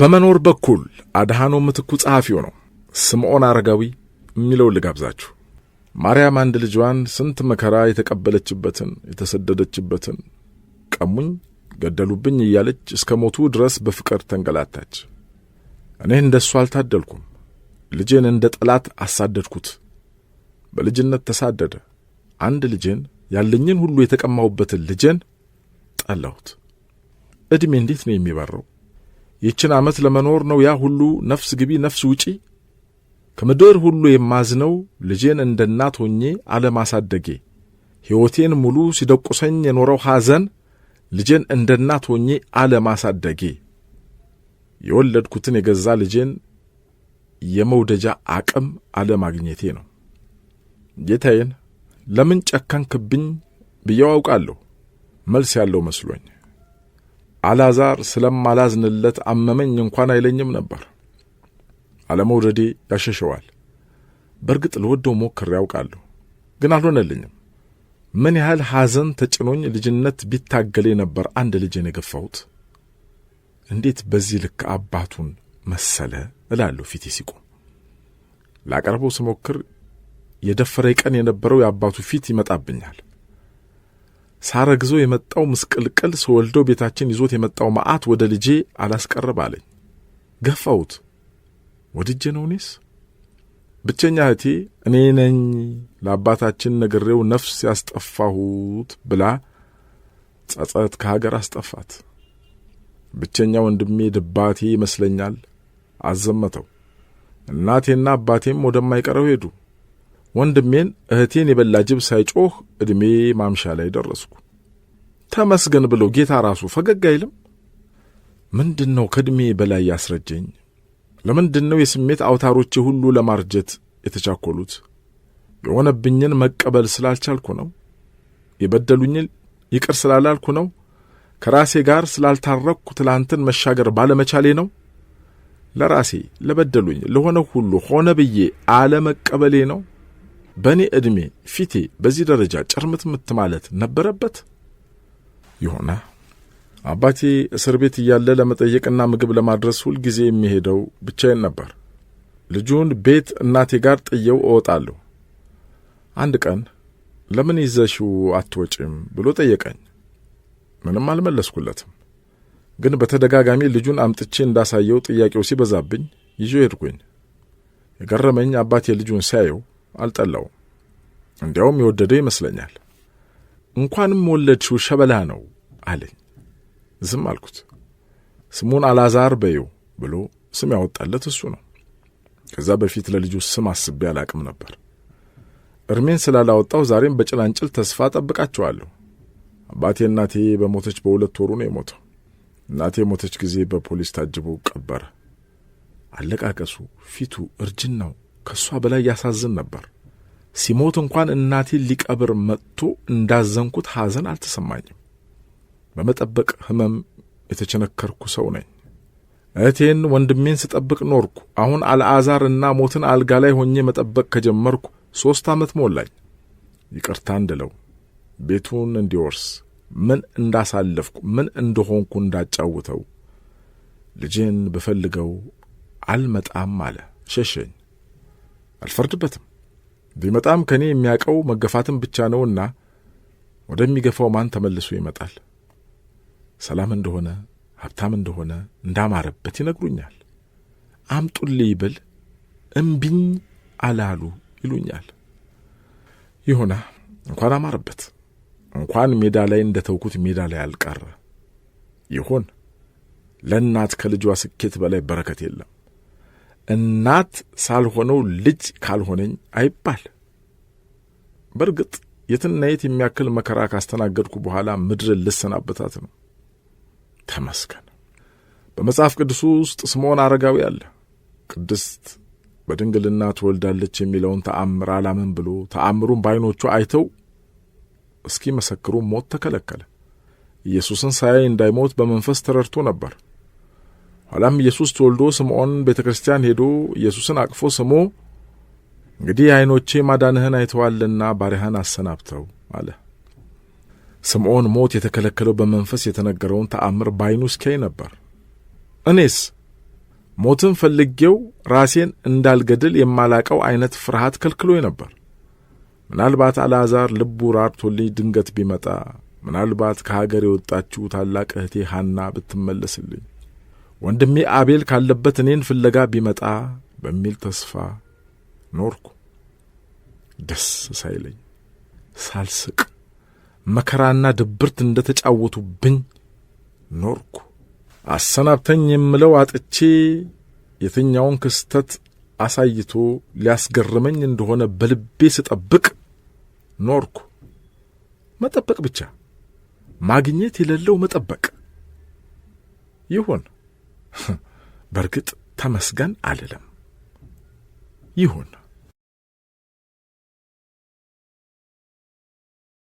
በመኖር በኩል አድሃኖ ምትኩ ጸሐፊው ነው። ስምዖን አረጋዊ የሚለው ልጋብዛችሁ። ማርያም አንድ ልጇን ስንት መከራ የተቀበለችበትን የተሰደደችበትን ቀሙኝ፣ ገደሉብኝ እያለች እስከ ሞቱ ድረስ በፍቅር ተንገላታች። እኔ እንደ እሱ አልታደልኩም። ልጄን እንደ ጠላት አሳደድኩት። በልጅነት ተሳደደ። አንድ ልጄን ያለኝን ሁሉ የተቀማሁበትን ልጄን ጠላሁት። ዕድሜ እንዴት ነው የሚበረው? ይችን ዓመት ለመኖር ነው ያ ሁሉ ነፍስ ግቢ ነፍስ ውጪ። ከምድር ሁሉ የማዝነው ልጄን እንደ እናት ሆኜ አለማሳደጌ፣ ሕይወቴን ሙሉ ሲደቁሰኝ የኖረው ሐዘን ልጄን እንደ እናት ሆኜ አለማሳደጌ፣ የወለድኩትን የገዛ ልጄን የመውደጃ አቅም አለማግኘቴ ነው። ጌታዬን ለምን ጨከንክብኝ ብዬው አውቃለሁ መልስ ያለው መስሎኝ አላዛር ስለማላዝንለት አመመኝ እንኳን አይለኝም ነበር። አለመውደዴ ያሸሸዋል። በእርግጥ ልወደው ሞክር ያውቃለሁ፣ ግን አልሆነልኝም። ምን ያህል ሐዘን ተጭኖኝ ልጅነት ቢታገሌ ነበር አንድ ልጅ የገፋሁት። እንዴት በዚህ ልክ አባቱን መሰለ እላለሁ ፊቴ ሲቆም። ላቀርበው ስሞክር የደፈረ ቀን የነበረው የአባቱ ፊት ይመጣብኛል። ሳረግዞ የመጣው ምስቅልቅል ስወልደው ቤታችን ይዞት የመጣው መዓት ወደ ልጄ አላስቀረብ አለኝ። ገፋሁት። ወድጄ ነው እኔስ? ብቸኛ እህቴ እኔ ነኝ ለአባታችን ነግሬው ነፍስ ያስጠፋሁት ብላ ጸጸት ከሀገር አስጠፋት። ብቸኛ ወንድሜ ድባቴ ይመስለኛል አዘመተው። እናቴና አባቴም ወደማይቀረው ሄዱ። ወንድሜን እህቴን የበላ ጅብ ሳይጮህ ዕድሜ ማምሻ ላይ ደረስኩ። ተመስገን ብለው ጌታ ራሱ ፈገግ አይልም። ምንድን ነው ከዕድሜ በላይ ያስረጀኝ? ለምንድን ነው የስሜት አውታሮቼ ሁሉ ለማርጀት የተቻኮሉት? የሆነብኝን መቀበል ስላልቻልኩ ነው? የበደሉኝን ይቅር ስላላልኩ ነው? ከራሴ ጋር ስላልታረቅኩ ትላንትን መሻገር ባለመቻሌ ነው? ለራሴ ለበደሉኝ፣ ለሆነ ሁሉ ሆነ ብዬ አለመቀበሌ ነው? በእኔ ዕድሜ ፊቴ በዚህ ደረጃ ጭርምትምት ማለት ነበረበት ይሆነ? አባቴ እስር ቤት እያለ ለመጠየቅና ምግብ ለማድረስ ሁልጊዜ የሚሄደው ብቻዬን ነበር። ልጁን ቤት እናቴ ጋር ጥየው እወጣለሁ። አንድ ቀን ለምን ይዘሽው አትወጪም ብሎ ጠየቀኝ። ምንም አልመለስኩለትም፣ ግን በተደጋጋሚ ልጁን አምጥቼ እንዳሳየው ጥያቄው ሲበዛብኝ ይዤ ሄድኩኝ። የገረመኝ አባቴ ልጁን ሲያየው አልጠላውም። እንዲያውም የወደደ ይመስለኛል። እንኳንም ወለድሽው ሸበላ ነው አለኝ። ዝም አልኩት። ስሙን አላዛር በይው ብሎ ስም ያወጣለት እሱ ነው። ከዛ በፊት ለልጁ ስም አስቤ አላቅም ነበር። እርሜን ስላላወጣው ዛሬም በጭላንጭል ተስፋ ጠብቃቸዋለሁ። አባቴ እናቴ በሞተች በሁለት ወሩ ነው የሞተው። እናቴ የሞተች ጊዜ በፖሊስ ታጅቦ ቀበረ። አለቃቀሱ፣ ፊቱ፣ እርጅናው ከእሷ በላይ ያሳዝን ነበር። ሲሞት እንኳን እናቴን ሊቀብር መጥቶ እንዳዘንኩት ሐዘን አልተሰማኝም። በመጠበቅ ሕመም የተቸነከርኩ ሰው ነኝ። እህቴን ወንድሜን ስጠብቅ ኖርኩ። አሁን አልዓዛር እና ሞትን አልጋ ላይ ሆኜ መጠበቅ ከጀመርኩ ሦስት ዓመት ሞላኝ። ይቅርታ እንድለው ቤቱን እንዲወርስ ምን እንዳሳለፍኩ ምን እንደሆንኩ እንዳጫውተው ልጄን ብፈልገው አልመጣም አለ፣ ሸሸኝ። አልፈርድበትም። ቢመጣም ከእኔ የሚያውቀው መገፋትም ብቻ ነውና ወደሚገፋው ማን ተመልሶ ይመጣል? ሰላም እንደሆነ ሀብታም እንደሆነ እንዳማረበት ይነግሩኛል። አምጡልኝ ብል እምቢኝ አላሉ ይሉኛል። ይሁና እንኳን አማረበት፣ እንኳን ሜዳ ላይ እንደ ተውኩት ሜዳ ላይ አልቀረ ይሁን። ለእናት ከልጇ ስኬት በላይ በረከት የለም። እናት ሳልሆነው ልጅ ካልሆነኝ አይባል። በእርግጥ የትና የት የሚያክል መከራ ካስተናገድኩ በኋላ ምድርን ልሰናበታት ነው። ተመስገን። በመጽሐፍ ቅዱስ ውስጥ ስምዖን አረጋዊ አለ። ቅድስት በድንግልና ትወልዳለች የሚለውን ተአምር አላምን ብሎ ተአምሩን በዐይኖቹ አይተው እስኪመሰክሩ ሞት ተከለከለ። ኢየሱስን ሳያይ እንዳይሞት በመንፈስ ተረድቶ ነበር። ኋላም ኢየሱስ ተወልዶ ስምዖን ቤተ ክርስቲያን ሄዶ ኢየሱስን አቅፎ ስሞ እንግዲህ ዓይኖቼ ማዳንህን አይተዋልና ባሪያህን አሰናብተው አለ። ስምዖን ሞት የተከለከለው በመንፈስ የተነገረውን ተአምር ባይኑ እስኪያይ ነበር። እኔስ ሞትን ፈልጌው ራሴን እንዳልገድል የማላቀው አይነት ፍርሃት ከልክሎኝ ነበር። ምናልባት አልዓዛር ልቡ ራርቶልኝ ድንገት ቢመጣ፣ ምናልባት ከሀገር የወጣችው ታላቅ እህቴ ሐና ብትመለስልኝ ወንድሜ አቤል ካለበት እኔን ፍለጋ ቢመጣ በሚል ተስፋ ኖርኩ። ደስ ሳይለኝ ሳልስቅ መከራና ድብርት እንደ ተጫወቱብኝ ኖርኩ። አሰናብተኝ የምለው አጥቼ የትኛውን ክስተት አሳይቶ ሊያስገርመኝ እንደሆነ በልቤ ስጠብቅ ኖርኩ። መጠበቅ ብቻ ማግኘት የሌለው መጠበቅ ይሆን? በእርግጥ ተመስገን አልልም። ይሁን